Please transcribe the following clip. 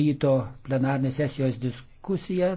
ryto plenarnės sesijos diskusiją